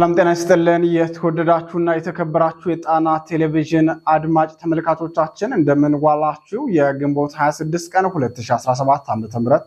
ሰላም ጤና ይስጥልን። የተወደዳችሁና የተከበራችሁ የጣና ቴሌቪዥን አድማጭ ተመልካቾቻችን እንደምንዋላችሁ። የግንቦት 26 ቀን 2017 ዓ.ም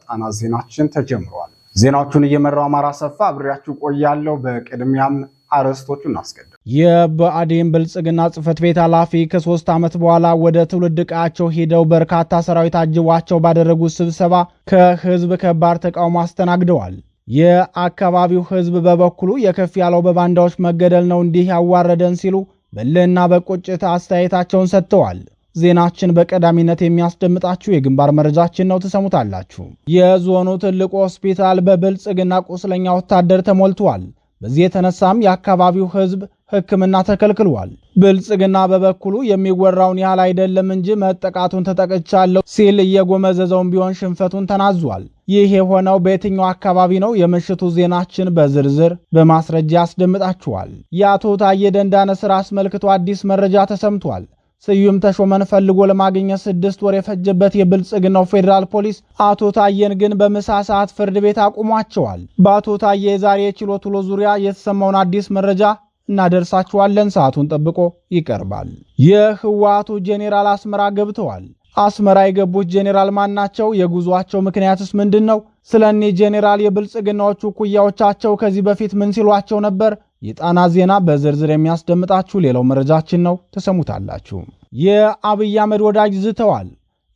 ጣና ዜናችን ተጀምሯል። ዜናዎቹን እየመራው አማራ ሰፋ አብሬያችሁ ቆያለሁ። በቅድሚያም አርዕስቶቹ እናስቀድም። የብአዴን ብልጽግና ጽህፈት ቤት ኃላፊ ከሶስት ዓመት በኋላ ወደ ትውልድ ቀያቸው ሄደው በርካታ ሰራዊት አጅቧቸው ባደረጉት ስብሰባ ከህዝብ ከባድ ተቃውሞ አስተናግደዋል። የአካባቢው ህዝብ በበኩሉ የከፍ ያለው በባንዳዎች መገደል ነው እንዲህ ያዋረደን ሲሉ በልህና በቁጭት አስተያየታቸውን ሰጥተዋል። ዜናችን በቀዳሚነት የሚያስደምጣችሁ የግንባር መረጃችን ነው፣ ትሰሙታላችሁ። የዞኑ ትልቁ ሆስፒታል በብልጽግና ቁስለኛ ወታደር ተሞልቷል። በዚህ የተነሳም የአካባቢው ሕዝብ ሕክምና ተከልክሏል። ብልጽግና በበኩሉ የሚወራውን ያህል አይደለም እንጂ መጠቃቱን ተጠቅቻለሁ ሲል እየጎመዘዘውን ቢሆን ሽንፈቱን ተናዟል። ይህ የሆነው በየትኛው አካባቢ ነው? የምሽቱ ዜናችን በዝርዝር በማስረጃ ያስደምጣችኋል። የአቶ ታዬ ደንዳነ ስራ አስመልክቶ አዲስ መረጃ ተሰምቷል። ስዩም ተሾመን ፈልጎ ለማግኘት ስድስት ወር የፈጀበት የብልጽግናው ፌዴራል ፖሊስ አቶ ታየን ግን በምሳ ሰዓት ፍርድ ቤት አቁሟቸዋል። በአቶ ታየ የዛሬ የችሎት ውሎ ዙሪያ የተሰማውን አዲስ መረጃ እናደርሳችኋለን። ሰዓቱን ጠብቆ ይቀርባል። የህወሓቱ ጄኔራል አስመራ ገብተዋል። አስመራ የገቡት ጄኔራል ማን ናቸው? የጉዟቸው ምክንያትስ ምንድን ነው? ስለ ጄኔራል የብልጽግናዎቹ ኩያዎቻቸው ከዚህ በፊት ምን ሲሏቸው ነበር? የጣና ዜና በዝርዝር የሚያስደምጣችሁ ሌላው መረጃችን ነው፣ ተሰሙታላችሁ። የአብይ አህመድ ወዳጅ ዝተዋል።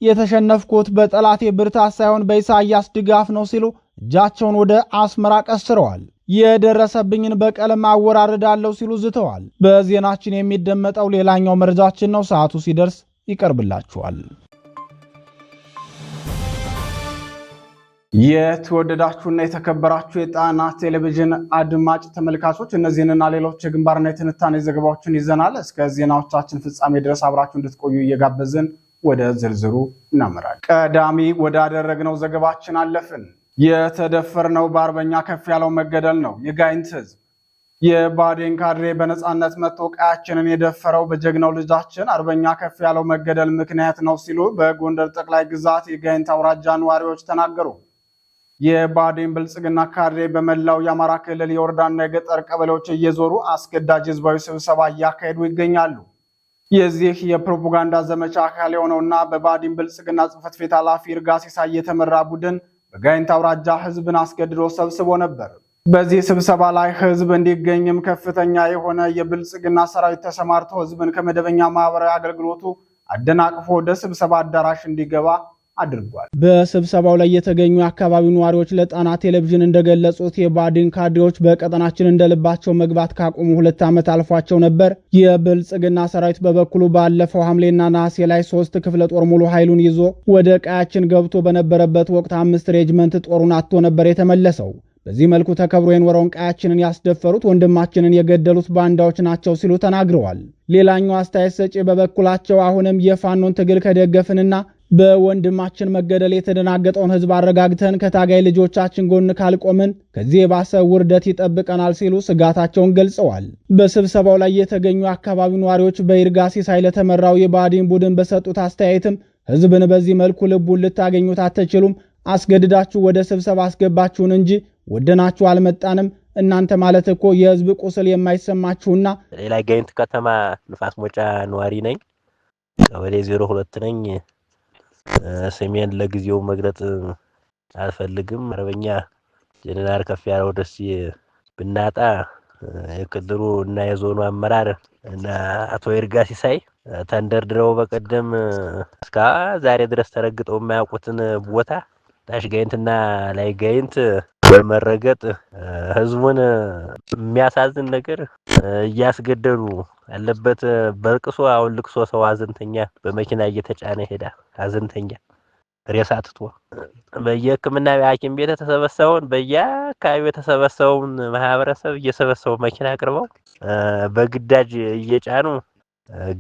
የተሸነፍኩት በጠላቴ ብርታት ሳይሆን በኢሳያስ ድጋፍ ነው ሲሉ እጃቸውን ወደ አስመራ ቀስረዋል። የደረሰብኝን በቀለም አወራርዳለሁ ሲሉ ዝተዋል። በዜናችን የሚደመጠው ሌላኛው መረጃችን ነው። ሰዓቱ ሲደርስ ይቀርብላችኋል። የተወደዳችሁና የተከበራችሁ የጣና ቴሌቪዥን አድማጭ ተመልካቾች እነዚህንና ሌሎች የግንባርና የትንታኔ ዘገባዎችን ይዘናል። እስከ ዜናዎቻችን ፍጻሜ ድረስ አብራችሁ እንድትቆዩ እየጋበዝን ወደ ዝርዝሩ እናመራል። ቀዳሚ ወዳደረግነው ዘገባችን አለፍን። የተደፈርነው በአርበኛ ከፍ ያለው መገደል ነው። የጋይንት ህዝብ የባዴን ካድሬ በነፃነት መጥቶ ቀያችንን የደፈረው በጀግናው ልጃችን አርበኛ ከፍ ያለው መገደል ምክንያት ነው ሲሉ በጎንደር ጠቅላይ ግዛት የጋይንት አውራጃ ነዋሪዎች ተናገሩ። የባዴን ብልጽግና ካድሬ በመላው የአማራ ክልል የወረዳና የገጠር ቀበሌዎች እየዞሩ አስገዳጅ ህዝባዊ ስብሰባ እያካሄዱ ይገኛሉ። የዚህ የፕሮፓጋንዳ ዘመቻ አካል የሆነውና በባዲን ብልጽግና ጽህፈት ቤት ኃላፊ እርጋ ሲሳይ የተመራ ቡድን በጋይንት አውራጃ ህዝብን አስገድዶ ሰብስቦ ነበር። በዚህ ስብሰባ ላይ ህዝብ እንዲገኝም ከፍተኛ የሆነ የብልጽግና ሰራዊት ተሰማርቶ ህዝብን ከመደበኛ ማህበራዊ አገልግሎቱ አደናቅፎ ወደ ስብሰባ አዳራሽ እንዲገባ አድርጓል። በስብሰባው ላይ የተገኙ የአካባቢው ነዋሪዎች ለጣና ቴሌቪዥን እንደገለጹት የባድን ካድሬዎች በቀጠናችን እንደልባቸው መግባት ካቆሙ ሁለት ዓመት አልፏቸው ነበር። የብልጽግና ሰራዊት በበኩሉ ባለፈው ሐምሌና ነሐሴ ላይ ሶስት ክፍለ ጦር ሙሉ ኃይሉን ይዞ ወደ ቀያችን ገብቶ በነበረበት ወቅት አምስት ሬጅመንት ጦሩን አጥቶ ነበር የተመለሰው። በዚህ መልኩ ተከብሮ የኖረውን ቀያችንን ያስደፈሩት ወንድማችንን የገደሉት ባንዳዎች ናቸው ሲሉ ተናግረዋል። ሌላኛው አስተያየት ሰጪ በበኩላቸው አሁንም የፋኖን ትግል ከደገፍንና በወንድማችን መገደል የተደናገጠውን ህዝብ አረጋግተን ከታጋይ ልጆቻችን ጎን ካልቆምን ከዚህ የባሰ ውርደት ይጠብቀናል ሲሉ ስጋታቸውን ገልጸዋል። በስብሰባው ላይ የተገኙ አካባቢው ነዋሪዎች በይርጋ ሲሳይ ለተመራው የባዲን ቡድን በሰጡት አስተያየትም ህዝብን በዚህ መልኩ ልቡን ልታገኙት አትችሉም፣ አስገድዳችሁ ወደ ስብሰባ አስገባችሁን እንጂ ወደናችሁ አልመጣንም። እናንተ ማለት እኮ የህዝብ ቁስል የማይሰማችሁና ሌላ ጋይንት ከተማ ንፋስ ሞጫ ነዋሪ ነኝ። ቀበሌ ዜሮ ሁለት ነኝ። ስሜን ለጊዜው መግለጥ አልፈልግም አርበኛ ጀነራል ያለው ደስዬ ብናጣ የክልሉ እና የዞኑ አመራር እና አቶ ይርጋ ሲሳይ ተንደርድረው በቀደም እስከ ዛሬ ድረስ ተረግጠው የማያውቁትን ቦታ ታች ጋይንትና ላይ ጋይንት በመረገጥ ህዝቡን የሚያሳዝን ነገር እያስገደሉ ያለበት በልቅሶ አሁን ልቅሶ ሰው ሀዘንተኛ በመኪና እየተጫነ ይሄዳል። አዘንተኛ ሬሳ ትቶ በየህክምና ሐኪም ቤት የተሰበሰበውን በየአካባቢ የተሰበሰበውን ማህበረሰብ እየሰበሰቡ መኪና አቅርበው በግዳጅ እየጫኑ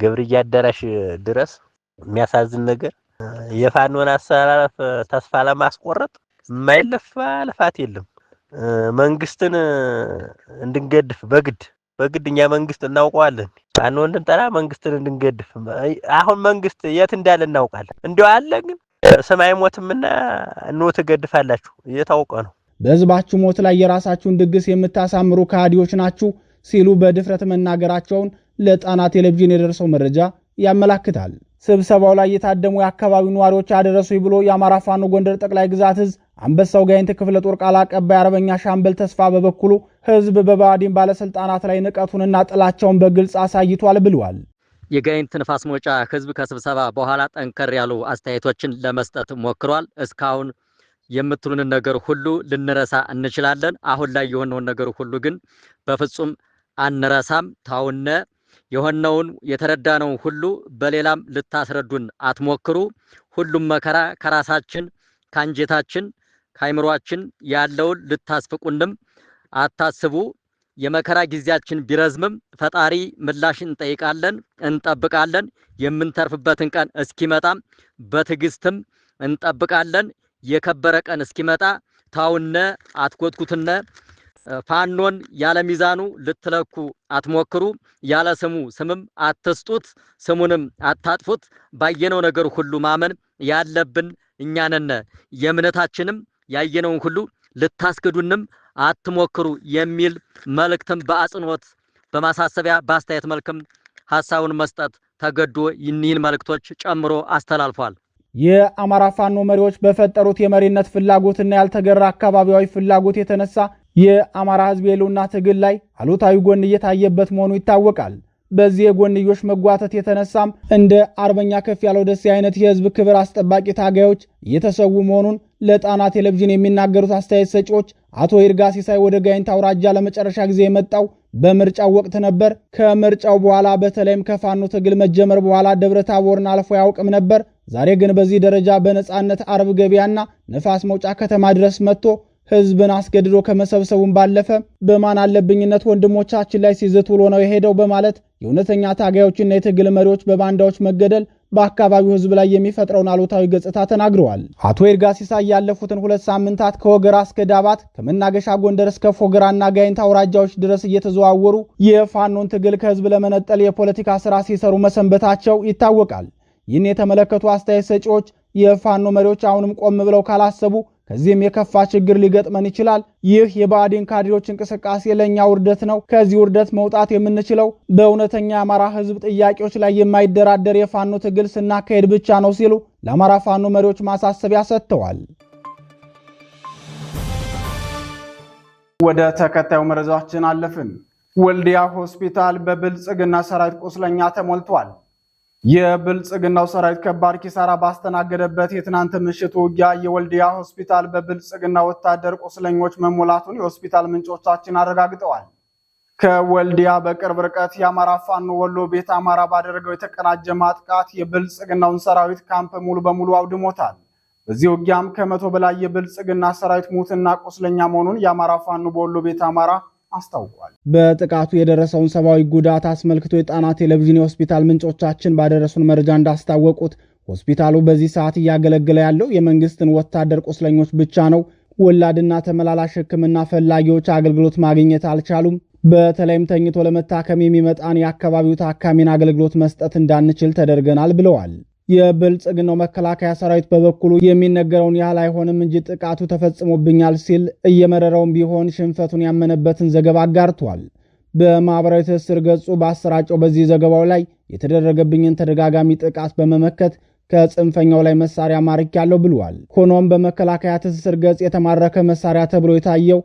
ገብርያ አዳራሽ ድረስ የሚያሳዝን ነገር የፋኖን አሰላለፍ ተስፋ ለማስቆረጥ የማይለፋ ልፋት የለም። መንግስትን እንድንገድፍ በግድ በግድ እኛ መንግስት እናውቀዋለን። አንወን እንጠራ መንግስትን እንድንገድፍ አሁን መንግስት የት እንዳለ እናውቃለን። እንዲያው አለ ግን ሰማይ ሞትምና ኖ ትገድፋላችሁ እየታወቀ ነው። በህዝባችሁ ሞት ላይ የራሳችሁን ድግስ የምታሳምሩ ከሃዲዎች ናችሁ ሲሉ በድፍረት መናገራቸውን ለጣና ቴሌቪዥን የደረሰው መረጃ ያመላክታል። ስብሰባው ላይ የታደሙ የአካባቢው ነዋሪዎች አደረሱ ብሎ የአማራ ፋኖ ጎንደር ጠቅላይ ግዛት ህዝብ አንበሳው ጋይንት ክፍለ ጦር ቃል አቀባይ አርበኛ ሻምበል ተስፋ በበኩሉ ህዝብ በባዲን ባለስልጣናት ላይ ንቀቱንና ጥላቸውን በግልጽ አሳይቷል ብሏል። የጋይንት ንፋስ መውጫ ህዝብ ከስብሰባ በኋላ ጠንከር ያሉ አስተያየቶችን ለመስጠት ሞክሯል። እስካሁን የምትሉንን ነገር ሁሉ ልንረሳ እንችላለን። አሁን ላይ የሆነውን ነገር ሁሉ ግን በፍጹም አንረሳም። ታውነ የሆነውን የተረዳነው ሁሉ በሌላም ልታስረዱን አትሞክሩ። ሁሉም መከራ ከራሳችን ከአንጀታችን ከአይምሯችን ያለውን ልታስፍቁንም አታስቡ። የመከራ ጊዜያችን ቢረዝምም ፈጣሪ ምላሽ እንጠይቃለን፣ እንጠብቃለን። የምንተርፍበትን ቀን እስኪመጣም በትዕግስትም እንጠብቃለን። የከበረ ቀን እስኪመጣ ታውነ አትጎትኩትነ ፋኖን ያለ ሚዛኑ ልትለኩ አትሞክሩ። ያለ ስሙ ስምም አትስጡት፣ ስሙንም አታጥፉት። ባየነው ነገር ሁሉ ማመን ያለብን እኛነነ የእምነታችንም ያየነውን ሁሉ ልታስክዱንም አትሞክሩ የሚል መልእክትም በአጽንኦት በማሳሰቢያ በአስተያየት መልክም ሀሳቡን መስጠት ተገዶ እኒህን መልእክቶች ጨምሮ አስተላልፏል። የአማራ ፋኖ መሪዎች በፈጠሩት የመሪነት ፍላጎትና ያልተገራ አካባቢያዊ ፍላጎት የተነሳ የአማራ ሕዝብ የህልውና ትግል ላይ አሉታዊ ጎን እየታየበት መሆኑ ይታወቃል። በዚህ የጎንዮሽ መጓተት የተነሳም እንደ አርበኛ ከፍ ያለው ደሴ አይነት የህዝብ ክብር አስጠባቂ ታጋዮች እየተሰዉ መሆኑን ለጣና ቴሌቪዥን የሚናገሩት አስተያየት ሰጪዎች አቶ ይርጋ ሲሳይ ወደ ጋይንት አውራጃ ለመጨረሻ ጊዜ የመጣው በምርጫው ወቅት ነበር። ከምርጫው በኋላ በተለይም ከፋኖ ትግል መጀመር በኋላ ደብረ ታቦርን አልፎ አያውቅም ነበር። ዛሬ ግን በዚህ ደረጃ በነፃነት አርብ ገበያና ነፋስ መውጫ ከተማ ድረስ መጥቶ ህዝብን አስገድዶ ከመሰብሰቡም ባለፈ በማን አለብኝነት ወንድሞቻችን ላይ ሲዝት ውሎ ነው የሄደው በማለት የእውነተኛ ታጋዮችና የትግል መሪዎች በባንዳዎች መገደል በአካባቢው ህዝብ ላይ የሚፈጥረውን አሉታዊ ገጽታ ተናግረዋል። አቶ ይርጋ ሲሳይ ያለፉትን ሁለት ሳምንታት ከወገራ እስከ ዳባት ከመናገሻ ጎንደር እስከ ፎገራና ጋይንት አውራጃዎች ድረስ እየተዘዋወሩ የፋኖን ትግል ከህዝብ ለመነጠል የፖለቲካ ስራ ሲሰሩ መሰንበታቸው ይታወቃል። ይህን የተመለከቱ አስተያየት ሰጪዎች የፋኖ መሪዎች አሁንም ቆም ብለው ካላሰቡ ከዚህም የከፋ ችግር ሊገጥመን ይችላል። ይህ የብአዴን ካድሬዎች እንቅስቃሴ ለእኛ ውርደት ነው። ከዚህ ውርደት መውጣት የምንችለው በእውነተኛ የአማራ ሕዝብ ጥያቄዎች ላይ የማይደራደር የፋኖ ትግል ስናካሄድ ብቻ ነው ሲሉ ለአማራ ፋኖ መሪዎች ማሳሰቢያ ሰጥተዋል። ወደ ተከታዩ መረጃችን አለፍን። ወልዲያ ሆስፒታል በብልጽግና ሰራዊት ቁስለኛ ተሞልቷል። የብልጽግናው ሰራዊት ከባድ ኪሳራ ባስተናገደበት የትናንት ምሽት ውጊያ የወልዲያ ሆስፒታል በብልጽግና ወታደር ቁስለኞች መሞላቱን የሆስፒታል ምንጮቻችን አረጋግጠዋል። ከወልዲያ በቅርብ ርቀት የአማራ ፋኖ ወሎ ቤት አማራ ባደረገው የተቀናጀ ማጥቃት የብልጽግናውን ሰራዊት ካምፕ ሙሉ በሙሉ አውድሞታል። በዚህ ውጊያም ከመቶ በላይ የብልጽግና ሰራዊት ሙትና ቁስለኛ መሆኑን የአማራ ፋኖ በወሎ ቤት አማራ አስታውቋል። በጥቃቱ የደረሰውን ሰብአዊ ጉዳት አስመልክቶ የጣና ቴሌቪዥን የሆስፒታል ምንጮቻችን ባደረሱን መረጃ እንዳስታወቁት ሆስፒታሉ በዚህ ሰዓት እያገለገለ ያለው የመንግስትን ወታደር ቁስለኞች ብቻ ነው። ወላድና ተመላላሽ ሕክምና ፈላጊዎች አገልግሎት ማግኘት አልቻሉም። በተለይም ተኝቶ ለመታከም የሚመጣን የአካባቢው ታካሚን አገልግሎት መስጠት እንዳንችል ተደርገናል ብለዋል። የብልጽግናው መከላከያ ሰራዊት በበኩሉ የሚነገረውን ያህል አይሆንም እንጂ ጥቃቱ ተፈጽሞብኛል ሲል እየመረረውም ቢሆን ሽንፈቱን ያመነበትን ዘገባ አጋርቷል። በማኅበራዊ ትስስር ገጹ በአሰራጨው በዚህ ዘገባው ላይ የተደረገብኝን ተደጋጋሚ ጥቃት በመመከት ከጽንፈኛው ላይ መሳሪያ ማርኪ ያለው ብሏል። ሆኖም በመከላከያ ትስስር ገጽ የተማረከ መሳሪያ ተብሎ የታየው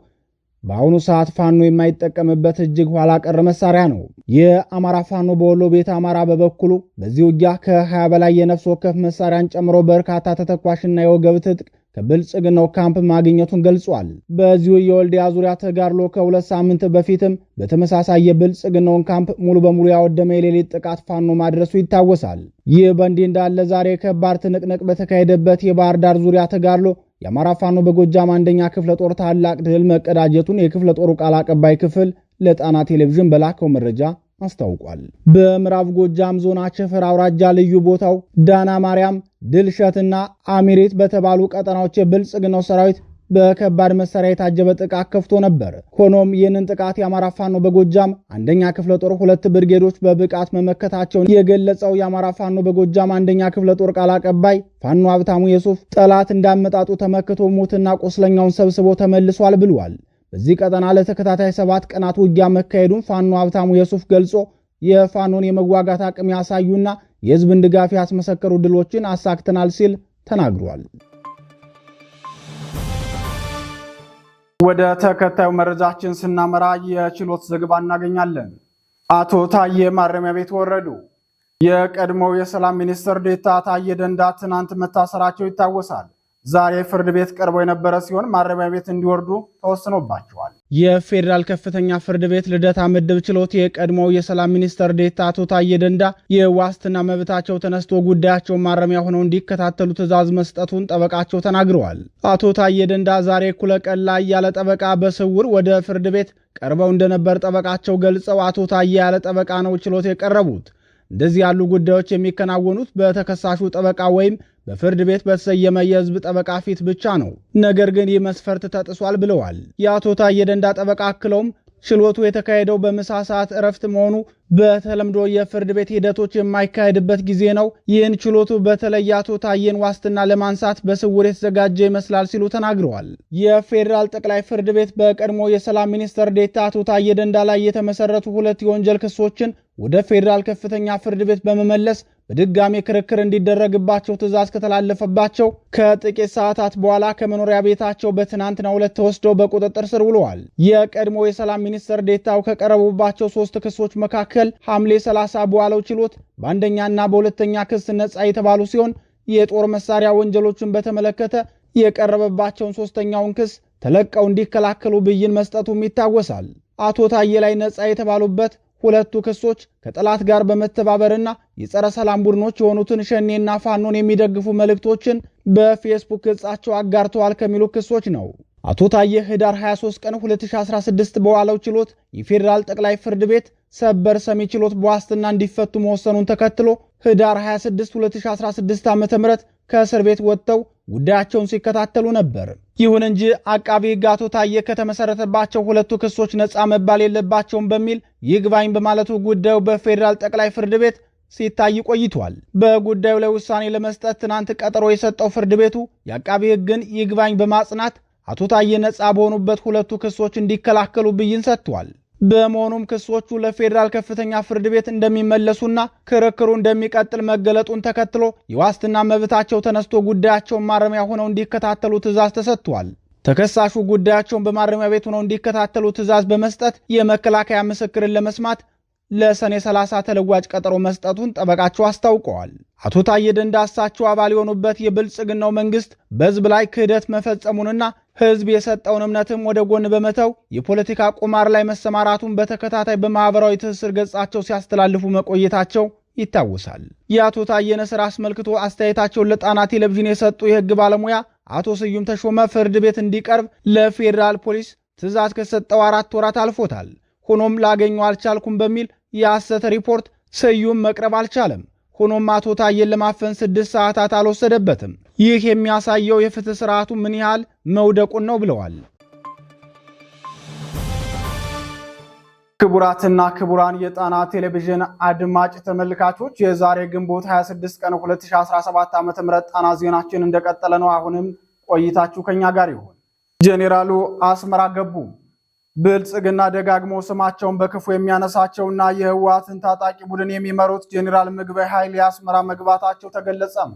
በአሁኑ ሰዓት ፋኖ የማይጠቀምበት እጅግ ኋላ ቀር መሳሪያ ነው። የአማራ ፋኖ በወሎ ቤት አማራ በበኩሉ በዚህ ውጊያ ከ20 በላይ የነፍስ ወከፍ መሳሪያን ጨምሮ በርካታ ተተኳሽና የወገብ ትጥቅ ከብልጽግናው ካምፕ ማግኘቱን ገልጿል። በዚሁ የወልዲያ ዙሪያ ተጋድሎ ከሁለት ሳምንት በፊትም በተመሳሳይ የብልጽግናውን ካምፕ ሙሉ በሙሉ ያወደመ የሌሊት ጥቃት ፋኖ ማድረሱ ይታወሳል። ይህ በእንዲህ እንዳለ ዛሬ ከባድ ትንቅንቅ በተካሄደበት የባህር ዳር ዙሪያ ተጋድሎ የአማራ ፋኖ በጎጃም አንደኛ ክፍለ ጦር ታላቅ ድል መቀዳጀቱን የክፍለ ጦሩ ቃል አቀባይ ክፍል ለጣና ቴሌቪዥን በላከው መረጃ አስታውቋል። በምዕራብ ጎጃም ዞን አቸፈር አውራጃ ልዩ ቦታው ዳና ማርያም፣ ድልሸትና አሚሬት በተባሉ ቀጠናዎች የብልጽግናው ሰራዊት በከባድ መሳሪያ የታጀበ ጥቃት ከፍቶ ነበር። ሆኖም ይህንን ጥቃት የአማራ ፋኖ በጎጃም አንደኛ ክፍለ ጦር ሁለት ብርጌዶች በብቃት መመከታቸውን የገለጸው የአማራ ፋኖ በጎጃም አንደኛ ክፍለ ጦር ቃል አቀባይ ፋኖ ሀብታሙ የሱፍ ጠላት እንዳመጣጡ ተመክቶ ሙትና ቆስለኛውን ሰብስቦ ተመልሷል ብሏል። በዚህ ቀጠና ለተከታታይ ሰባት ቀናት ውጊያ መካሄዱን ፋኖ ሀብታሙ የሱፍ ገልጾ የፋኖን የመዋጋት አቅም ያሳዩና የህዝብን ድጋፍ ያስመሰከሩ ድሎችን አሳክተናል ሲል ተናግሯል። ወደ ተከታዩ መረጃችን ስናመራ የችሎት ዘገባ እናገኛለን። አቶ ታዬ ማረሚያ ቤት ወረዱ። የቀድሞው የሰላም ሚኒስትር ዴታ ታዬ ደንዳ ትናንት መታሰራቸው ይታወሳል። ዛሬ ፍርድ ቤት ቀርቦ የነበረ ሲሆን ማረሚያ ቤት እንዲወርዱ ተወስኖባቸዋል። የፌዴራል ከፍተኛ ፍርድ ቤት ልደታ ምድብ ችሎት የቀድሞው የሰላም ሚኒስተር ዴታ አቶ ታዬ ደንዳ የዋስትና መብታቸው ተነስቶ ጉዳያቸውን ማረሚያ ሆነው እንዲከታተሉ ትዕዛዝ መስጠቱን ጠበቃቸው ተናግረዋል። አቶ ታዬ ደንዳ ዛሬ እኩለ ቀን ላይ ያለ ጠበቃ በስውር ወደ ፍርድ ቤት ቀርበው እንደነበር ጠበቃቸው ገልጸው አቶ ታዬ ያለ ጠበቃ ነው ችሎት የቀረቡት። እንደዚህ ያሉ ጉዳዮች የሚከናወኑት በተከሳሹ ጠበቃ ወይም በፍርድ ቤት በተሰየመ የህዝብ ጠበቃ ፊት ብቻ ነው። ነገር ግን ይህ መስፈርት ተጥሷል ብለዋል። የአቶ ታዬ ደንዳ ጠበቃ አክለውም ችሎቱ የተካሄደው በምሳ ሰዓት እረፍት መሆኑ በተለምዶ የፍርድ ቤት ሂደቶች የማይካሄድበት ጊዜ ነው። ይህን ችሎቱ በተለይ አቶ ታዬን ዋስትና ለማንሳት በስውር የተዘጋጀ ይመስላል ሲሉ ተናግረዋል። የፌዴራል ጠቅላይ ፍርድ ቤት በቀድሞ የሰላም ሚኒስትር ዴታ አቶ ታዬ ደንዳ ላይ የተመሰረቱ ሁለት የወንጀል ክሶችን ወደ ፌዴራል ከፍተኛ ፍርድ ቤት በመመለስ በድጋሜ ክርክር እንዲደረግባቸው ትዕዛዝ ከተላለፈባቸው ከጥቂት ሰዓታት በኋላ ከመኖሪያ ቤታቸው በትናንትናው ዕለት ተወስደው በቁጥጥር ስር ውለዋል። የቀድሞ የሰላም ሚኒስትር ዴታው ከቀረቡባቸው ሶስት ክሶች መካከል መካከል ሐምሌ 30 በዋለው ችሎት በአንደኛና በሁለተኛ ክስ ነጻ የተባሉ ሲሆን የጦር መሳሪያ ወንጀሎችን በተመለከተ የቀረበባቸውን ሶስተኛውን ክስ ተለቀው እንዲከላከሉ ብይን መስጠቱም ይታወሳል። አቶ ታዬ ላይ ነጻ የተባሉበት ሁለቱ ክሶች ከጠላት ጋር በመተባበርና የጸረ ሰላም ቡድኖች የሆኑትን ሸኔና ፋኖን የሚደግፉ መልእክቶችን በፌስቡክ ገጻቸው አጋርተዋል ከሚሉ ክሶች ነው። አቶ ታዬ ህዳር 23 ቀን 2016 በዋለው ችሎት የፌዴራል ጠቅላይ ፍርድ ቤት ሰበር ሰሚ ችሎት በዋስትና እንዲፈቱ መወሰኑን ተከትሎ ህዳር 26 2016 ዓ ም ከእስር ቤት ወጥተው ጉዳያቸውን ሲከታተሉ ነበር። ይሁን እንጂ አቃቢ ህግ አቶ ታዬ ከተመሰረተባቸው ሁለቱ ክሶች ነፃ መባል የለባቸውም በሚል ይግባኝ በማለቱ ጉዳዩ በፌዴራል ጠቅላይ ፍርድ ቤት ሲታይ ቆይቷል። በጉዳዩ ላይ ውሳኔ ለመስጠት ትናንት ቀጠሮ የሰጠው ፍርድ ቤቱ የአቃቢ ህግን ይግባኝ በማጽናት አቶ ታዬ ነጻ በሆኑበት ሁለቱ ክሶች እንዲከላከሉ ብይን ሰጥቷል። በመሆኑም ክሶቹ ለፌዴራል ከፍተኛ ፍርድ ቤት እንደሚመለሱና ክርክሩ እንደሚቀጥል መገለጡን ተከትሎ የዋስትና መብታቸው ተነስቶ ጉዳያቸውን ማረሚያ ሆነው እንዲከታተሉ ትዕዛዝ ተሰጥቷል። ተከሳሹ ጉዳያቸውን በማረሚያ ቤት ሆነው እንዲከታተሉ ትዕዛዝ በመስጠት የመከላከያ ምስክርን ለመስማት ለሰኔ 30 ተለዋጭ ቀጠሮ መስጠቱን ጠበቃቸው አስታውቀዋል። አቶ ታዬ ደንደአ እሳቸው አባል የሆኑበት የብልጽግናው መንግስት በህዝብ ላይ ክህደት መፈጸሙንና ህዝብ የሰጠውን እምነትም ወደ ጎን በመተው የፖለቲካ ቁማር ላይ መሰማራቱን በተከታታይ በማኅበራዊ ትስስር ገጻቸው ሲያስተላልፉ መቆየታቸው ይታወሳል። የአቶ ታየን ስራ አስመልክቶ አስተያየታቸውን ለጣና ቴሌቪዥን የሰጡ የህግ ባለሙያ አቶ ስዩም ተሾመ ፍርድ ቤት እንዲቀርብ ለፌዴራል ፖሊስ ትዕዛዝ ከሰጠው አራት ወራት አልፎታል። ሆኖም ላገኘው አልቻልኩም በሚል የሐሰት ሪፖርት ስዩም መቅረብ አልቻለም። ሆኖም አቶ ታዬን ለማፈን ስድስት ሰዓታት አልወሰደበትም። ይህ የሚያሳየው የፍትህ ስርዓቱ ምን ያህል መውደቁን ነው ብለዋል። ክቡራትና ክቡራን የጣና ቴሌቪዥን አድማጭ ተመልካቾች የዛሬ ግንቦት 26 ቀን 2017 ዓ.ም ጣና ዜናችን እንደቀጠለ ነው። አሁንም ቆይታችሁ ከኛ ጋር ይሁን። ጄኔራሉ አስመራ ገቡ። ብልጽግና ደጋግሞ ስማቸውን በክፉ የሚያነሳቸውና የህወሓትን ታጣቂ ቡድን የሚመሩት ጄኔራል ምግበይ ኃይል የአስመራ መግባታቸው ተገለጸም።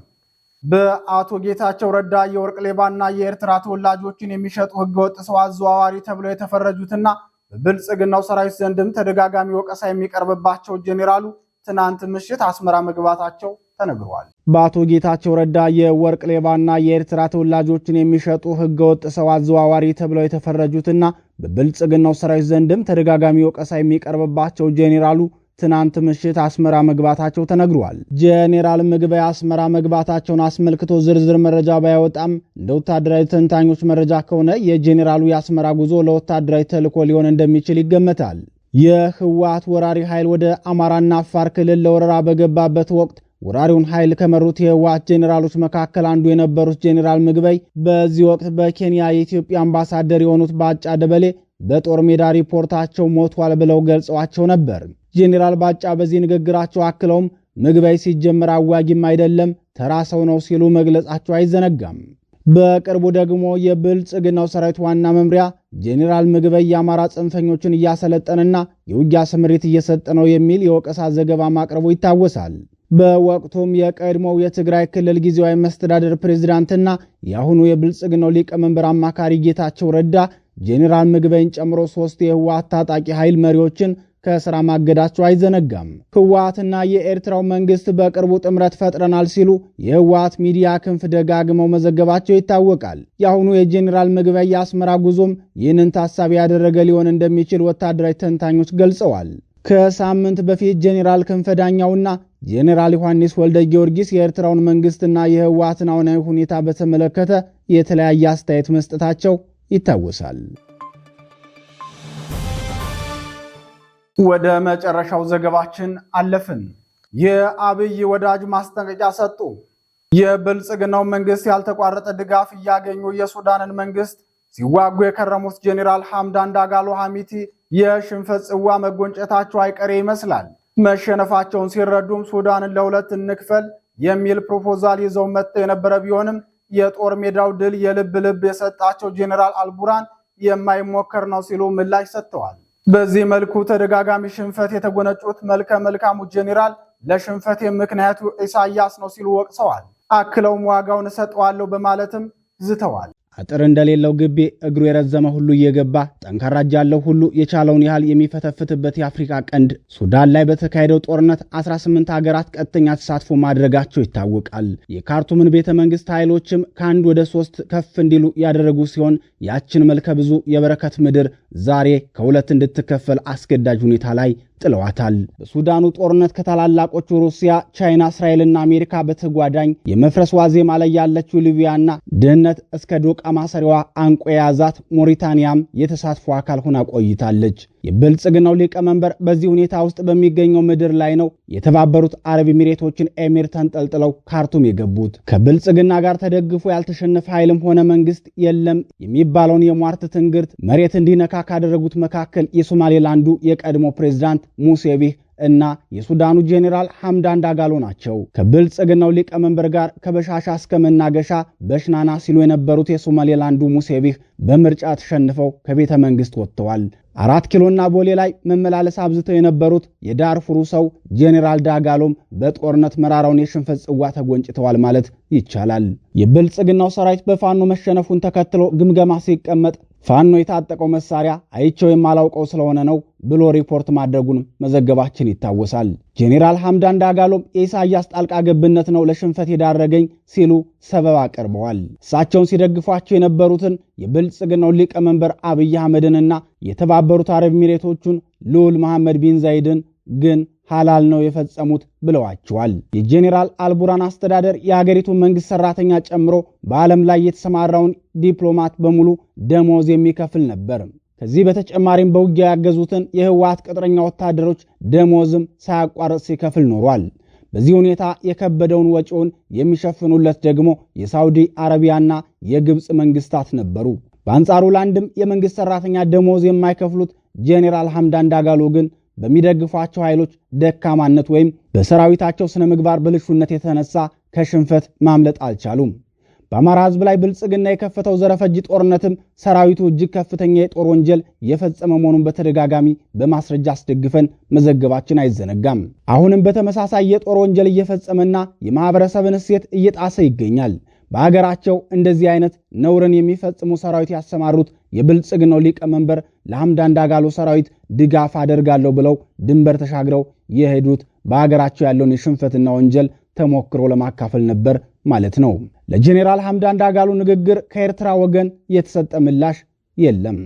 በአቶ ጌታቸው ረዳ የወርቅ ሌባና የኤርትራ ተወላጆችን የሚሸጡ ህገወጥ ሰው አዘዋዋሪ ተብለው የተፈረጁትና በብልጽግናው ሰራዊት ዘንድም ተደጋጋሚ ወቀሳ የሚቀርብባቸው ጄኔራሉ ትናንት ምሽት አስመራ መግባታቸው ተነግሯል። በአቶ ጌታቸው ረዳ የወርቅ ሌባና የኤርትራ ተወላጆችን የሚሸጡ ህገወጥ ሰው አዘዋዋሪ ተብለው የተፈረጁትና በብልጽግናው ሰራዊት ዘንድም ተደጋጋሚ ወቀሳ የሚቀርብባቸው ጄኔራሉ ትናንት ምሽት አስመራ መግባታቸው ተነግሯል። ጄኔራል ምግበይ አስመራ መግባታቸውን አስመልክቶ ዝርዝር መረጃ ባያወጣም እንደ ወታደራዊ ተንታኞች መረጃ ከሆነ የጄኔራሉ የአስመራ ጉዞ ለወታደራዊ ተልዕኮ ሊሆን እንደሚችል ይገመታል። የህወሓት ወራሪ ኃይል ወደ አማራና አፋር ክልል ለወረራ በገባበት ወቅት ወራሪውን ኃይል ከመሩት የህወሓት ጄኔራሎች መካከል አንዱ የነበሩት ጄኔራል ምግበይ በዚህ ወቅት በኬንያ የኢትዮጵያ አምባሳደር የሆኑት ባጫ ደበሌ በጦር ሜዳ ሪፖርታቸው ሞቷል ብለው ገልጸዋቸው ነበር። ጄኔራል ባጫ በዚህ ንግግራቸው አክለውም ምግበይ ሲጀመር አዋጊም አይደለም ተራ ሰው ነው ሲሉ መግለጻቸው አይዘነጋም። በቅርቡ ደግሞ የብልጽግናው ሰራዊት ዋና መምሪያ ጄኔራል ምግበይ የአማራ ጽንፈኞችን እያሰለጠንና የውጊያ ስምሪት እየሰጠ ነው የሚል የወቀሳ ዘገባ ማቅረቡ ይታወሳል። በወቅቱም የቀድሞው የትግራይ ክልል ጊዜያዊ መስተዳደር ፕሬዚዳንትና የአሁኑ የብልጽግናው ሊቀመንበር አማካሪ ጌታቸው ረዳ ጄኔራል ምግበይን ጨምሮ ሶስት የህወሓት ታጣቂ ኃይል መሪዎችን ከስራ ማገዳቸው አይዘነጋም። ህወሓትና የኤርትራው መንግስት በቅርቡ ጥምረት ፈጥረናል ሲሉ የህወሓት ሚዲያ ክንፍ ደጋግመው መዘገባቸው ይታወቃል። የአሁኑ የጄኔራል ምግበይ የአስመራ ጉዞም ይህንን ታሳቢ ያደረገ ሊሆን እንደሚችል ወታደራዊ ተንታኞች ገልጸዋል። ከሳምንት በፊት ጄኔራል ክንፈ ዳኛውና ጄኔራል ዮሐንስ ወልደ ጊዮርጊስ የኤርትራውን መንግሥትና የህወሓትን አሁናዊ ሁኔታ በተመለከተ የተለያየ አስተያየት መስጠታቸው ይታወሳል። ወደ መጨረሻው ዘገባችን አለፍን። የአብይ ወዳጅ ማስጠንቀቂያ ሰጡ። የብልጽግናው መንግስት ያልተቋረጠ ድጋፍ እያገኙ የሱዳንን መንግስት ሲዋጉ የከረሙት ጄኔራል ሐምዳን ዳጋሎ ሐሚቲ የሽንፈት ጽዋ መጎንጨታቸው አይቀሬ ይመስላል። መሸነፋቸውን ሲረዱም ሱዳንን ለሁለት እንክፈል የሚል ፕሮፖዛል ይዘው መጥተው የነበረ ቢሆንም የጦር ሜዳው ድል የልብ ልብ የሰጣቸው ጄኔራል አልቡራን የማይሞከር ነው ሲሉ ምላሽ ሰጥተዋል። በዚህ መልኩ ተደጋጋሚ ሽንፈት የተጎነጩት መልከ መልካሙ ጄኔራል ለሽንፈት ምክንያቱ ኢሳያስ ነው ሲሉ ወቅሰዋል። አክለውም ዋጋውን እሰጠዋለሁ በማለትም ዝተዋል። አጥር እንደሌለው ግቢ እግሩ የረዘመ ሁሉ እየገባ ጠንካራ እጅ ያለው ሁሉ የቻለውን ያህል የሚፈተፍትበት የአፍሪካ ቀንድ ሱዳን ላይ በተካሄደው ጦርነት 18 ሀገራት ቀጥተኛ ተሳትፎ ማድረጋቸው ይታወቃል። የካርቱምን ቤተ መንግስት ኃይሎችም ከአንድ ወደ ሶስት ከፍ እንዲሉ ያደረጉ ሲሆን ያችን መልከ ብዙ የበረከት ምድር ዛሬ ከሁለት እንድትከፈል አስገዳጅ ሁኔታ ላይ ጥለዋታል። በሱዳኑ ጦርነት ከታላላቆቹ ሩሲያ፣ ቻይና፣ እስራኤልና አሜሪካ በተጓዳኝ የመፍረስ ዋዜማ ላይ ያለችው ሊቢያና ድህነት እስከ ዶቃ ማሰሪዋ አንቆ የያዛት ሞሪታንያም የተሳትፎ አካል ሆና ቆይታለች። የብልጽግናው ሊቀመንበር በዚህ ሁኔታ ውስጥ በሚገኘው ምድር ላይ ነው የተባበሩት አረብ ኤሚሬቶችን ኤሚር ተንጠልጥለው ካርቱም የገቡት። ከብልጽግና ጋር ተደግፎ ያልተሸነፈ ኃይልም ሆነ መንግስት የለም የሚባለውን የሟርት ትንግርት መሬት እንዲነካ ካደረጉት መካከል የሶማሌላንዱ የቀድሞ ፕሬዚዳንት ሙሴቢህ እና የሱዳኑ ጄኔራል ሐምዳን ዳጋሎ ናቸው። ከብልጽግናው ሊቀመንበር ጋር ከበሻሻ እስከ መናገሻ በሽናና ሲሉ የነበሩት የሶማሌላንዱ ሙሴቢህ በምርጫ ተሸንፈው ከቤተ መንግሥት ወጥተዋል። አራት ኪሎና ቦሌ ላይ መመላለስ አብዝተው የነበሩት የዳርፉሩ ሰው ጄኔራል ዳጋሎም በጦርነት መራራውን የሽንፈት ጽዋ ተጎንጭተዋል ማለት ይቻላል። የብልጽግናው ሰራዊት በፋኖ መሸነፉን ተከትሎ ግምገማ ሲቀመጥ ፋኖ የታጠቀው መሳሪያ አይቸው የማላውቀው ስለሆነ ነው ብሎ ሪፖርት ማድረጉን መዘገባችን ይታወሳል። ጄኔራል ሐምዳን ዳጋሎም የኢሳያስ ጣልቃ ገብነት ነው ለሽንፈት የዳረገኝ ሲሉ ሰበብ አቅርበዋል። እሳቸውን ሲደግፏቸው የነበሩትን የብልጽግናው ሊቀመንበር አብይ አህመድንና የተባበሩት አረብ ኤሚሬቶቹን ልዑል መሐመድ ቢን ዛይድን ግን ሐላል ነው የፈጸሙት ብለዋቸዋል። የጄኔራል አልቡራን አስተዳደር የአገሪቱ መንግሥት ሠራተኛ ጨምሮ በዓለም ላይ የተሰማራውን ዲፕሎማት በሙሉ ደሞዝ የሚከፍል ነበር። ከዚህ በተጨማሪም በውጊያ ያገዙትን የህወሓት ቅጥረኛ ወታደሮች ደሞዝም ሳያቋርጥ ሲከፍል ኖሯል። በዚህ ሁኔታ የከበደውን ወጪውን የሚሸፍኑለት ደግሞ የሳውዲ አረቢያና የግብፅ መንግስታት ነበሩ። በአንጻሩ ለአንድም የመንግሥት ሠራተኛ ደሞዝ የማይከፍሉት ጄኔራል ሐምዳን ዳጋሎ ግን በሚደግፏቸው ኃይሎች ደካማነት ወይም በሰራዊታቸው ስነ ምግባር ብልሹነት የተነሳ ከሽንፈት ማምለጥ አልቻሉም። በአማራ ሕዝብ ላይ ብልጽግና የከፈተው ዘረፈጅ ጦርነትም ሰራዊቱ እጅግ ከፍተኛ የጦር ወንጀል የፈጸመ መሆኑን በተደጋጋሚ በማስረጃ አስደግፈን መዘገባችን አይዘነጋም። አሁንም በተመሳሳይ የጦር ወንጀል እየፈጸመና የማኅበረሰብን እሴት እየጣሰ ይገኛል። በአገራቸው እንደዚህ አይነት ነውርን የሚፈጽሙ ሰራዊት ያሰማሩት የብልጽግናው ሊቀመንበር ለአምዳንድ አጋሎ ሰራዊት ድጋፍ አደርጋለሁ ብለው ድንበር ተሻግረው የሄዱት በአገራቸው ያለውን የሽንፈትና ወንጀል ተሞክሮ ለማካፈል ነበር ማለት ነው። ለጄኔራል ሐምዳን ዳጋሎ ንግግር ከኤርትራ ወገን የተሰጠ ምላሽ የለም።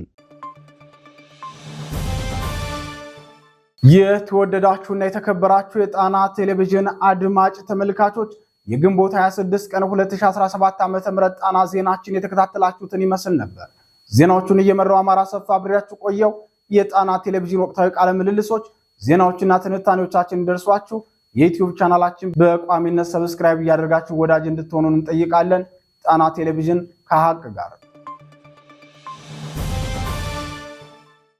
የተወደዳችሁና የተከበራችሁ የጣና ቴሌቪዥን አድማጭ ተመልካቾች የግንቦት 26 ቀን 2017 ዓ ም ጣና ዜናችን የተከታተላችሁትን ይመስል ነበር። ዜናዎቹን እየመራው አማራ ሰፋ አብሬያችሁ ቆየው። የጣና ቴሌቪዥን ወቅታዊ ቃለ ምልልሶች፣ ዜናዎችና ትንታኔዎቻችን እንደርሷችሁ የዩትዩብ ቻናላችን በቋሚነት ሰብስክራይብ እያደርጋችሁ ወዳጅ እንድትሆኑን እንጠይቃለን። ጣና ቴሌቪዥን ከሀቅ ጋር